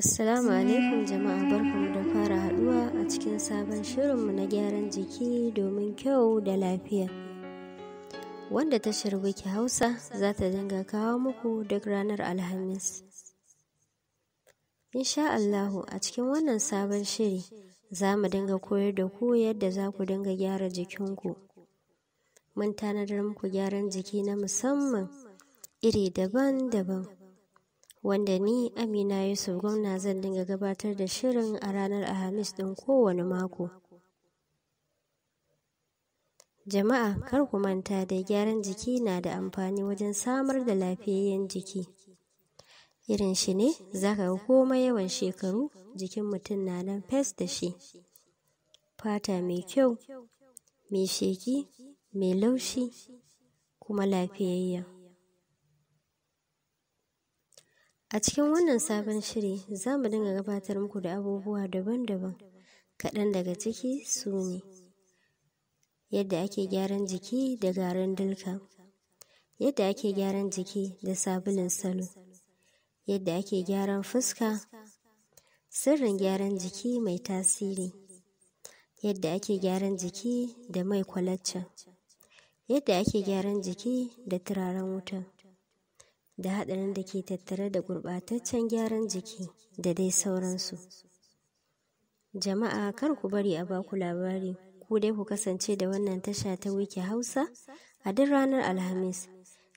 Assalamu alaikum jama'a barkamu da fara haduwa a cikin sabon shirinmu na gyaran jiki domin kyau da lafiya. Wanda tashar wiki Hausa za ta dinga kawo muku duk ranar Alhamis. Insha Allahu a cikin wannan sabon shiri za mu dinga koyar da ku yadda za ku dinga gyara jikinku. Mun tanadar muku gyaran jiki na musamman iri daban-daban. wanda ni Amina Yusuf gwamna zan dinga gabatar da shirin a ranar Alhamis ɗin kowane mako. Jama'a kar ku manta da gyaran jiki na da amfani wajen samar da lafiyayyen jiki. Irin shi ne za ka ga komai yawan shekaru jikin mutum na nan fes da shi. Fata mai kyau, mai sheki, mai laushi, kuma lafiyayya. A cikin wannan sabon shiri za mu dinga gabatar muku da abubuwa daban-daban kaɗan daga ciki su ne yadda ake gyaran jiki da garin dulka, yadda ake gyaran jiki da sabulun salo, yadda ake gyaran fuska, sirrin gyaran jiki mai tasiri, yadda ake gyaran jiki da mai kwalacca, yadda ake gyaran jiki da turaren wuta. da haɗarin da ke tattare da gurɓataccen gyaran jiki da dai sauransu. Jama'a kar ku bari a baku labari, ku dai ku kasance da wannan tasha ta wiki Hausa a duk ranar Alhamis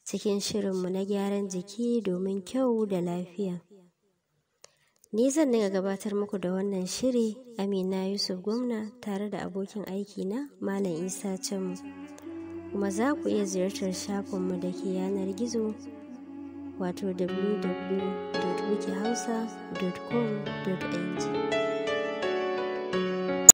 cikin shirinmu na gyaran jiki domin kyau da lafiya. Ni zan daga gabatar muku da wannan shiri Amina Yusuf Gwamna tare da abokin aikina Malam Isa Canmu. Kuma za ku iya ziyartar shafinmu da ke yanar gizo wato www.wikihausa.com.ng